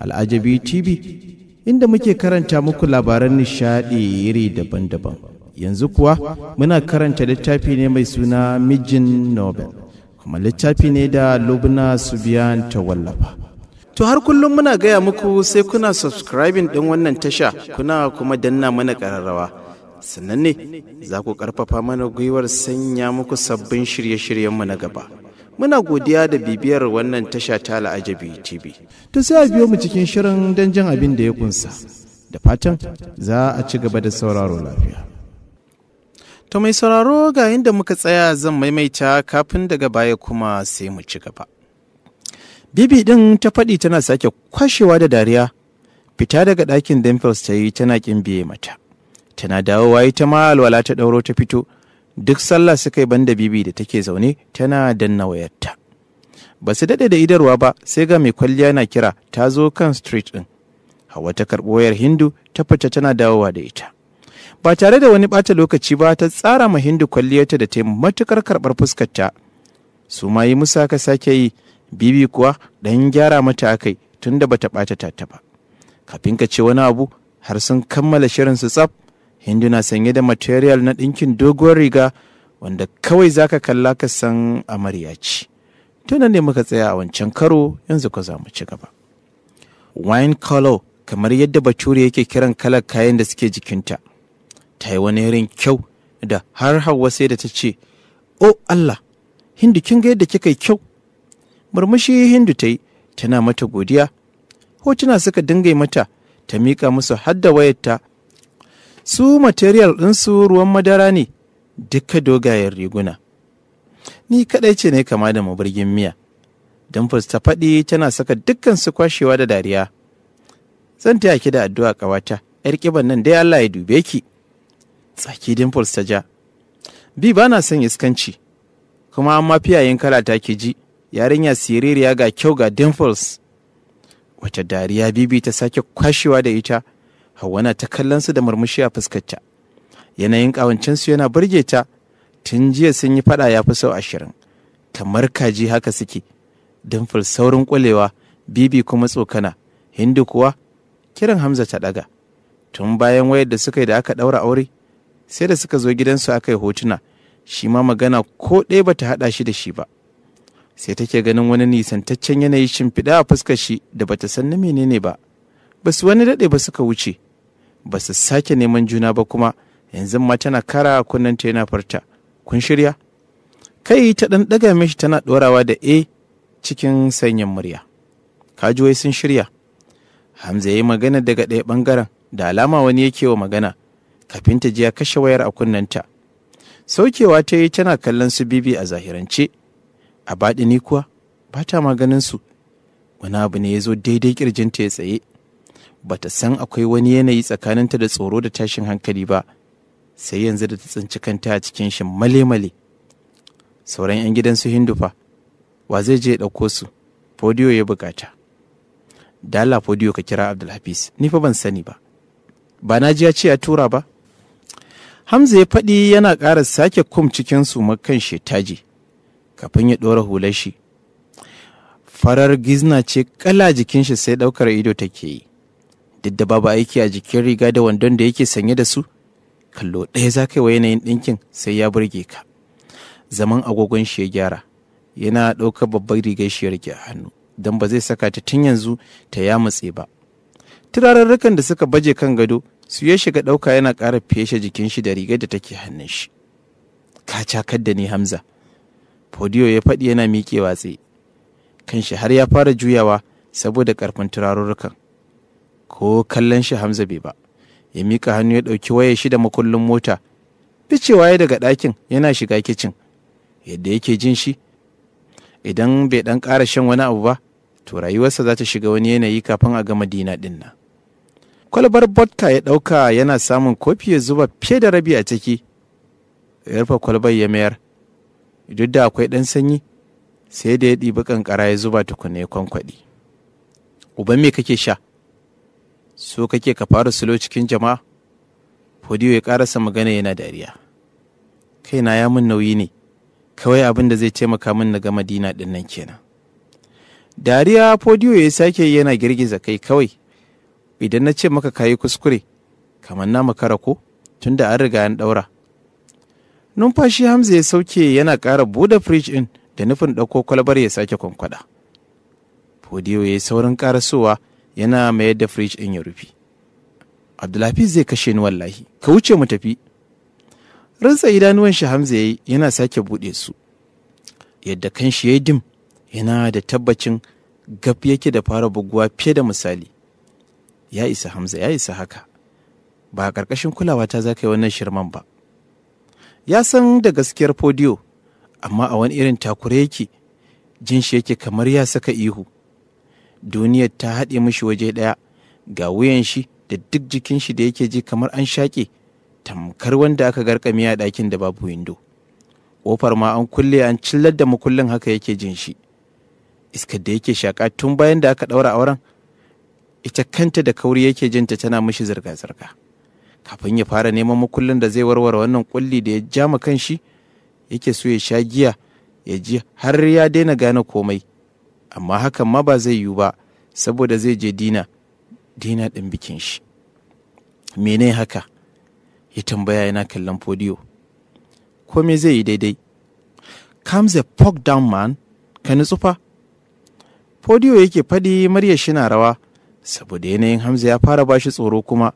Al'ajabi TV inda muke karanta muku labaran nishaɗi iri daban-daban. Yanzu kuwa muna karanta littafi ne mai suna Mijin Nobel, kuma littafi ne da Lubna Subiyan ta wallafa. To har kullum muna gaya muku sai kuna subscribing ɗin wannan tasha kuna kuma danna mana ƙararrawa. sannan ne za ku ƙarfafa mana gwiwar sanya muku sabbin shirye-shiryenmu na gaba. Muna godiya da bibiyar wannan tasha ta La'ajabi TV. To sai a biyo mu cikin shirin don jin abin da ya kunsa. Da fatan za a ci gaba da sauraro lafiya. To mai sauraro ga inda muka tsaya zan maimaita kafin daga baya kuma sai mu ci gaba. Bibi ɗin ta faɗi tana sake kwashewa da dariya, fita daga ɗakin Dimples ta yi tana ƙin biye mata. tana dawowa ita ma alwala ta ɗauro ta fito duk sallah suka yi banda bibi da take zaune tana danna wayarta ba su daɗe da idarwa ba sai ga mai kwalliya na kira ta zo kan street ɗin hawa ta karɓo wayar hindu ta fita tana dawowa da ita ba tare da wani bata lokaci ba ta tsara ma hindu kwalliyarta da ta matukar matuƙar karɓar fuskarta su ma yi musa ka sake yi bibi kuwa dan gyara mata akai tunda bata bata ɓata ta ba kafin ka ce wani abu har sun kammala shirin su tsaf hindu na sanye da material na ɗinkin doguwar riga wanda kawai zaka kalla ka san amarya ce tunan ne muka tsaya a wancan karo yanzu ko za mu ci gaba wine color kamar yadda bature yake kiran kalar kayan da suke jikinta ta yi wani irin kyau da har hawa sai da ta ce o allah hindu kin ga yadda kika yi kyau murmushi hindu ta yi tana mata godiya hotuna suka dinga mata ta miƙa musu hadda wayarta su material ɗinsu ruwan madara ne duka dogayen riguna ni kaɗai ce ne kama da mabirgin miya don ta faɗi tana saka dukkan su kwashewa da dariya zan taya ki da addu'a ƙawata yar ƙiban nan dai Allah ya dube ki tsaki dimples ta ja bi ba na son iskanci kuma amma fiyayen kala ta ki ji yarinya siririya ga kyau ga dimples wata dariya bibi ta sake kwashewa da ita Hauwa na ta kallon su da murmushi a fuskarta. Yanayin su yana burge ta, tun jiya sun yi fada ya fi sau ashirin. Kamar kaji haka suke, dimfil saurin kulewa bibi kuma tsokana, hindu kuwa kiran Hamza ta ɗaga. Tun bayan wayar da suka yi da aka daura aure, sai da suka zo gidansu aka yi hotuna, shi ma magana ko ɗaya bata haɗa shi da shi ba. Sai take ganin wani nisantaccen yanayi shimfiɗa a fuskar shi da bata san na menene ba. Basu wani daɗe ba suka wuce. ba su sake neman juna ba kuma yanzu ma tana kara kunnen ta yana farta kun shirya kai ta ɗan ɗaga mishi tana ɗorawa da e cikin sanyin murya kajuwai sun shirya hamza ya yi magana daga ɗaya ɓangaren da alama wani yake wa magana kafin ta ji ya kashe wayar a ta saukewa ta yi tana kallon su bibi a zahirance a baɗi ni kuwa ba ta maganin su wani abu ne ya zo daidai kirjinta ya tsaye bata san akwai wani yanayi tsakaninta da tsoro da tashin hankali ba sai yanzu da ta tsinci kanta a cikin shi male-male sauran 'yan gidan su hindu fa wa zai je ɗauko su fodiyo ya bukata dala fodiyo ka kira abdulhafiz ni fa ban sani ba ba na ji ya ce a tura ba hamza ya faɗi yana ƙara sake kum cikin su makan shetaji kafin ya ɗora hular shi farar gizna ce kala jikin shi sai ɗaukar ido take yi duk da babu aiki a jikin riga da wandon da yake sanye da su kallo ɗaya za ka yi wa yanayin ɗinkin sai ya burge ka zaman agogon shi ya gyara yana ɗaukar babbar rigar shi ya rike a hannu don ba zai saka ta tun yanzu ta ya matse ba turarurrukan da suka baje kan gado su ya shiga ɗauka yana ƙara feshe jikin shi da rigar da take hannun shi ka cakar da ni hamza fodiyo ya faɗi yana miƙewa tsaye kan shi har ya fara juyawa saboda ƙarfin turarurrukan ko kallon shi hamza bai ba ya mika hannu ya ɗauki waya shi da makullin mota ficewa ya daga ɗakin yana shiga kicin yadda yake jin shi idan bai ɗan ƙara shan wani abu ba to rayuwarsa za ta shiga wani yanayi kafin a gama dina ɗin nan kwalbar vodka ya ɗauka yana samun kofi ya zuba fiye da rabi a ciki ya rufe kwalbar ya mayar duk da akwai ɗan sanyi sai da ya ɗibi ƙanƙara ya zuba tukunna ya kwankwaɗi uban me kake sha so kake ka fara sulo cikin jama'a fodiyo ya karasa magana yana dariya kaina ya mun nauyi ne kawai abin da zai taimaka min na ga madina din nan kenan dariya fodiyo ya sake yana girgiza kai kawai idan na ce maka kayi kuskure kamar na makara ko tunda an riga an ɗaura. numfashi hamza ya sauke yana ƙara buɗe firij ɗin da nufin ɗauko kwalabar ya sake kwankwaɗa. fodiyo ya yi saurin ƙarasowa yana mayar da firij in ya rufi abdulhafiz zai kashe ni wallahi ka wuce mu tafi rantsa idanuwan shi hamza ya yi yana sake buɗe su yadda kan shi ya dim yana da tabbacin gab yake da fara buguwa fiye da misali ya isa hamza ya isa haka ba a ƙarƙashin kulawa ta za ka yi wannan shirman ba ya san da gaskiyar fodiyo amma a wani irin takura yake jin shi yake kamar ya saka ihu duniyar ta haɗe mishi waje ɗaya ga wuyan shi da duk jikin shi da yake ji kamar an shaƙe tamkar wanda aka garka a ɗakin da babu windo ƙofar ma an kulle an cillar da makullin haka yake jin shi iskar da yake shaƙa tun bayan da aka ɗaura auren ita kanta da kauri yake jinta tana mishi zirga-zirga kafin ya fara neman makullin da zai warware wannan kulli da ya jama kan shi yake so ya sha giya ya ji har ya daina gane komai amma hakan ma ba zai yiwu ba saboda zai je dina dina ɗin bikin shi mene haka ya tambaya yana kallon fodiyo ko me zai yi daidai comes a pok down man ka nutsu fa fodiyo yake faɗi murya shina rawa saboda yanayin hamza ya fara bashi tsoro kuma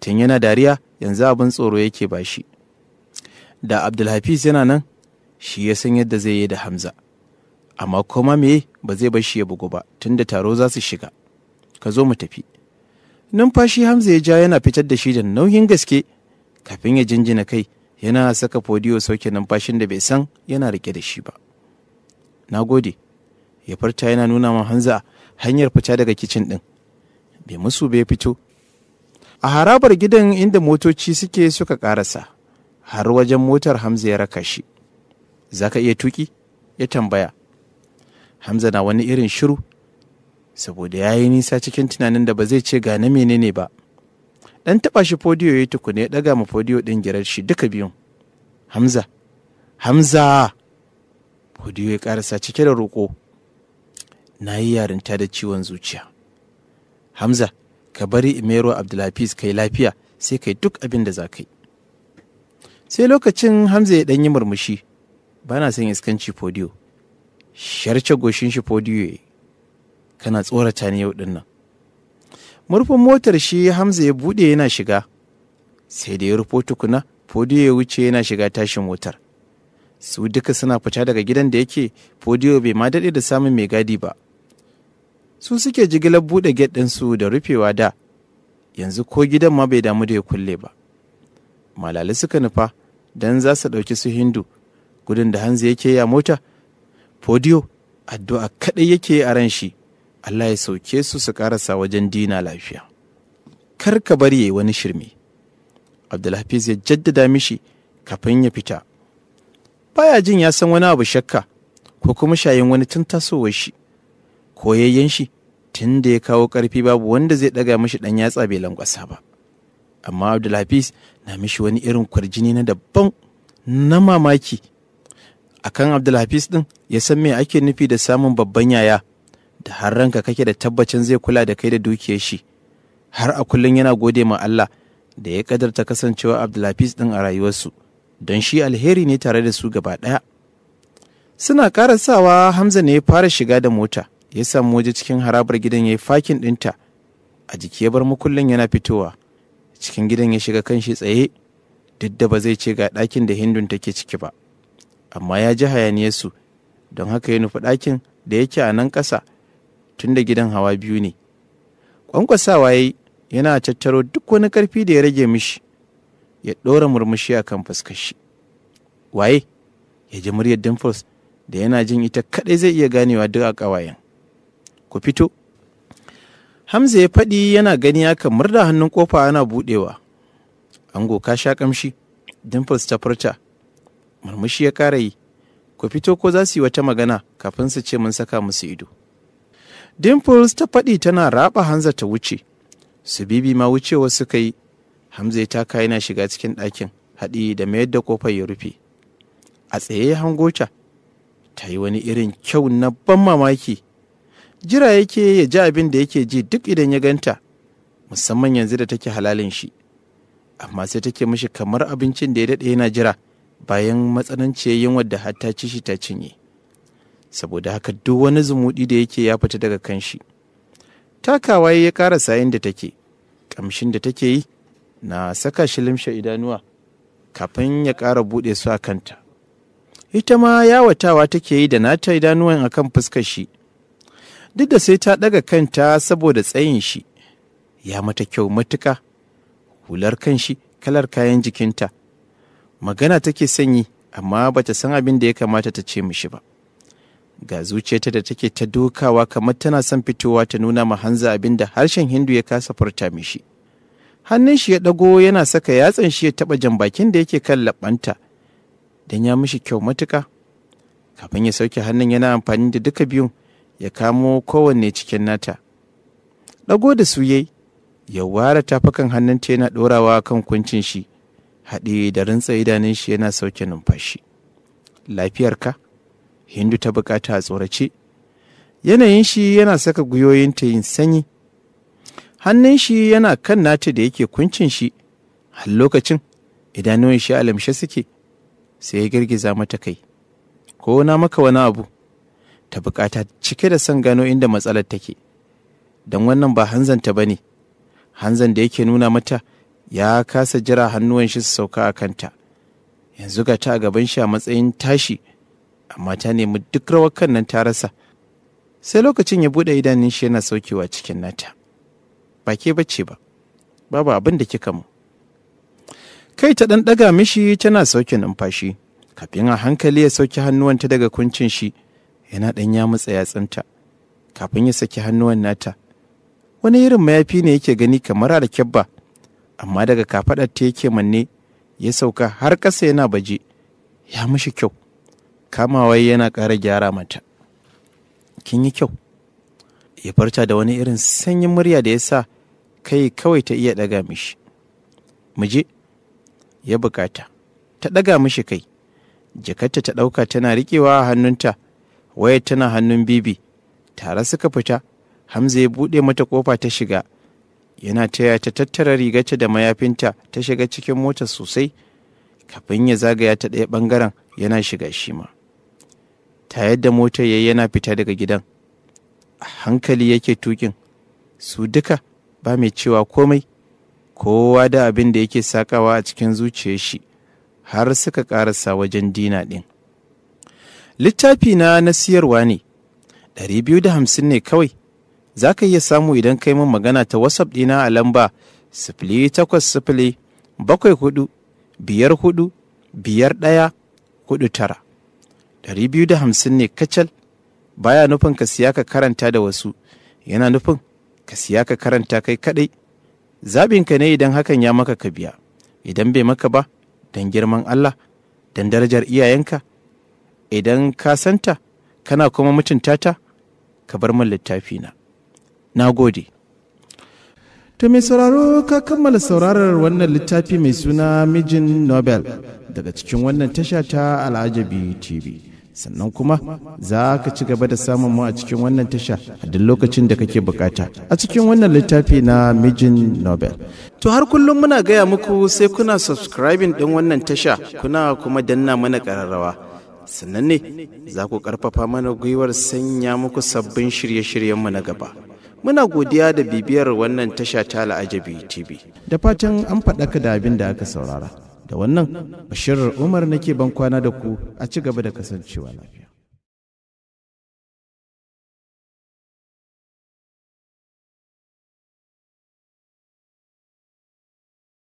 tun yana dariya yanzu abin tsoro yake ba shi da abdulhafiz yana nan shi ya san yadda zai yi da hamza amma kuma me ba zai bar shi ya bugu ba tunda taro za su shiga ka zo mu tafi numfashi hamza ya ja yana fitar da shi da nauyin gaske kafin ya jinjina kai yana saka fodiyo sauke numfashin da bai san yana rike da shi ba na gode ya farta yana nuna ma hanza hanyar fita daga kicin din bai musu bai fito a harabar gidan inda motoci suke suka karasa har wajen motar hamza ya raka shi za ka iya tuki ya tambaya hamza na wani irin shiru saboda ya yi nisa cikin tunanin da ba zai ce ga na menene ba dan taba shi fodiyo ya tukune ya daga ma fodiyo din girar shi duka biyun hamza hamza fodiyo ya karasa cike da roƙo na yi yarinta da ciwon zuciya hamza ka bari imero abdulhafiz kai lafiya sai kai duk abin da za ka sai lokacin hamza ya ɗanyi murmushi ba na son iskanci fodiyo sharce goshin shi fodiyo kana tsorata ne yau dinnan murfin motar shi hamza ya bude yana shiga sai da ya rufo tukuna fodiyo ya wuce yana shiga tashin motar su duka suna fita daga gidan da yake fodiyo bai ma daɗe da samun mai gadi ba su suke jigilar buɗe get su da rufewa da yanzu ko gidan ma bai damu da ya kulle ba malali suka nufa don za su ɗauki su hindu gudun da hanzu yake ya mota Fodiyo addu'a kaɗai yake a ran shi, Allah ya sauke su su ƙarasa wajen dina lafiya. Kar ka bari ya yi wani shirme. Abdulhafiz ya jaddada mishi kafin ya fita. Baya jin ya san wani abu shakka ko kuma shayin wani tun tasowar shi. Koyayyen shi tun da ya kawo ƙarfi babu wanda zai ɗaga mishi ɗan yatsa bai lankwasa ba. Amma Abdulhafiz na mishi wani irin kwarjini na daban, na mamaki a akan Abdulhafiz din ya san me ake nufi da samun babban yaya da har ranka kake da tabbacin zai kula da kai da dukiyar shi har a kullum yana gode ma Allah da ya kadarta kasancewa Abdulhafiz din a rayuwarsu don shi alheri ne tare da su gaba ɗaya. Suna karasawa Hamza ne ya fara shiga da mota ya samu waje cikin harabar gidan ya yi fakin ɗinta a jiki ya bar makullin yana fitowa cikin gidan ya shiga kan shi tsaye duk da ba zai ce ga ɗakin da hindun take ciki ba. amma ya ji hayaniyarsu don haka ya nufi ɗakin da yake a nan ƙasa tun da gidan hawa biyu ne ƙwanƙwasawa ya yana tattaro duk wani ƙarfi da ya rage mishi ya ɗora murmushi a kan fuskashi waye ya ji muryar dimples da yana jin ita kaɗai zai iya ganewa duk a ƙawayen ku fito hamza ya faɗi yana gani aka murda hannun ƙofa yana buɗewa ango ka sha ƙamshi dimples ta furta murmushi ya ƙara yi ku fito ko za su yi wata magana kafin su ce mun saka musu ido dimples ta faɗi tana raba hanza ta wuce su bibi ma wucewa suka yi hamza ya taka yana shiga cikin ɗakin haɗi da mayar da kofar ya rufe a tsaye ya hango ta yi wani irin kyau na ban mamaki jira yake ya ji abin da yake ji duk idan ya ganta musamman yanzu da take halalin shi amma sai take mishi kamar abincin da ya daɗe yana jira bayan matsananciyar yunwar da har ci shi ta cinye saboda haka duk wani zumuɗi da yake ya fita daga kan shi takawa ya ƙara sayin da take ƙamshin da take yi na saka shi limshe idanuwa kafin ya ƙara buɗe su a kanta ita ma yawatawa take yi da nata idanuwan akan fuskar shi duk da sai ta ɗaga kanta saboda tsayin shi ya mata kyau matuka hular kanshi, kalar kayan jikinta magana take sanyi amma bata san abin da ya kamata ta ce mishi ba ga zuciyarta da take ta dokawa kamar tana son fitowa ta nuna ma hanza abin da harshen hindu ya kasa furta mishi hannun shi ya ɗago yana saka yatsan shi ya taɓa jan bakin da yake kan laɓanta don ya mishi kyau matuka kafin ya sauke hannun yana amfani da duka biyun ya kamo kowanne cikin nata ɗago da su yayi ya ware tafakan hannunta yana ɗorawa kan kuncin shi haɗe da rintsa idanun shi yana sauke numfashi lafiyar ka. hindu ta bukata a tsorace yanayin shi yana saka ta yin sanyi hannun shi yana kan nata da yake kuncin shi har lokacin idanun shi alamshe suke sai ya girgiza mata kai ko na maka wani abu ta bukata cike da son gano inda matsalar take don wannan ba hanzanta ba ne hanzan da yake nuna mata ya kasa jira hannuwan shi su sauka a kanta yanzu ga ta a gaban shi a matsayin tashi amma ta nemi duk rawar kan nan ta rasa sai lokacin ya buɗe idanun shi yana saukewa cikin nata ba ke bacci ba babu abin da kika mu kai ta ɗan ɗaga mishi tana sauke numfashi kafin a hankali ya sauke ta daga kuncin shi yana ɗan ya matsa tsinta kafin ya saki hannuwan nata wani irin mayafi ne yake gani kamar da kyabba amma daga kafaɗar ta yake manne ya sauka har ƙasa yana baje ya mishi kyau kamawai yana ƙara gyara mata kin yi kyau ya farta da wani irin sanyin murya da ya sa kai kawai ta iya ɗaga mishi muje ya bukata ta ɗaga mishi kai jakarta ta ɗauka tana riƙewa a hannunta wayar tana hannun bibi tare suka fita hamza ya buɗe mata ƙofa ta shiga yana taya ta tattara rigarta da mayafinta ta shiga cikin mota sosai kafin ya zagaya ta ɗaya ɓangaren yana shiga shi ma ta yadda motar yayi yana fita daga gidan a hankali yake tukin su duka ba mai cewa komai kowa da abin da yake sakawa a cikin zuciyar shi har suka karasa wajen dina ɗin littafi na na siyarwa ne hamsin ne kawai za ka iya samu idan kai min magana ta WhatsApp ɗina a lamba sifili takwas sifili bakwai hudu biyar hudu biyar ɗaya hudu tara. Ɗari biyu da hamsin ne kacal baya nufin ka siya ka karanta da wasu yana nufin ka siya ka karanta kai kaɗai. ka ne idan hakan ya maka ka biya, idan bai maka ba, don girman Allah, don darajar iyayenka, idan ka santa, kana kuma mutunta ta, ka bar min na. na gode to mai sauraro ka kammala saurarar wannan littafi mai suna mijin nobel daga cikin wannan tasha ta al'ajabi tv sannan kuma za ka ci gaba da samun mu a cikin wannan tasha a duk lokacin da kake bukata a cikin wannan littafi na mijin nobel to har kullum muna gaya muku sai kuna subscribing din wannan tasha kuna kuma danna mana kararrawa sannan ne za ku karfafa mana gwiwar sanya muku sabbin shirye-shiryenmu na gaba Muna godiya da bibiyar wannan tasha ta la'ajabi TV. Da fatan an faɗaka da abin da aka saurara. Da wannan, Bashir Umar nake ban kwana da ku a ci gaba da kasancewa lafiya.